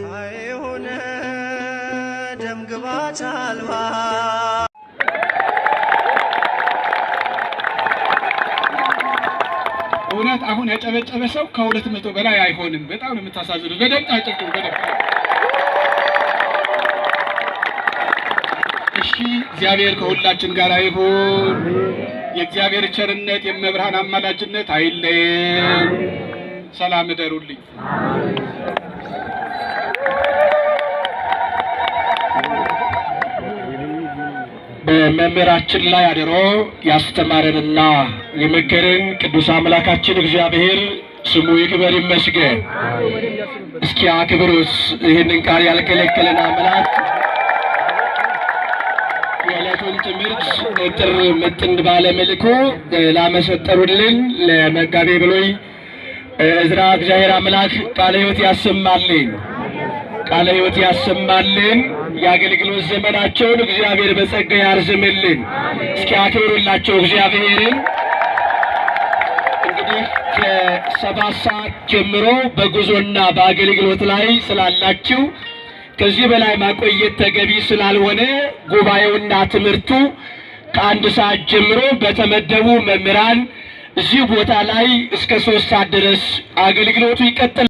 ጌታ የሆነ ደም ግባት አልባ እውነት አሁን ያጨበጨበ ሰው ከሁለት መቶ በላይ አይሆንም። በጣም ነው የምታሳዝኑት። በደምብ አጨብጭቡ። በደምብ እሺ። እግዚአብሔር ከሁላችን ጋር ይሁን። የእግዚአብሔር ቸርነት የመብርሃን አማላጅነት አይለየን። ሰላም እደሩልኝ። በመምህራችን ላይ አድሮ ያስተማረንና የመከረን ቅዱስ አምላካችን እግዚአብሔር ስሙ ይክበር ይመስገን። እስኪ አክብሩስ ይህንን ቃል ያልከለከለን አምላክ የዕለቱን ትምህርት እጥር ምጥን ባለ መልኩ ላመሰጠሩልን ለመጋቤ ብሉይ እዝራ እግዚአብሔር አምላክ ቃለ ሕይወት ያሰማልን። ቃለ ሕይወት ያሰማልን። የአገልግሎት ዘመናቸውን እግዚአብሔር በጸጋ ያርዝምልን። እስኪ አክብሩላቸው እግዚአብሔርን። እንግዲህ ከሰባት ሰዓት ጀምሮ በጉዞና በአገልግሎት ላይ ስላላችሁ ከዚህ በላይ ማቆየት ተገቢ ስላልሆነ ጉባኤውና ትምህርቱ ከአንድ ሰዓት ጀምሮ በተመደቡ መምህራን እዚህ ቦታ ላይ እስከ ሶስት ሰዓት ድረስ አገልግሎቱ ይቀጥላል።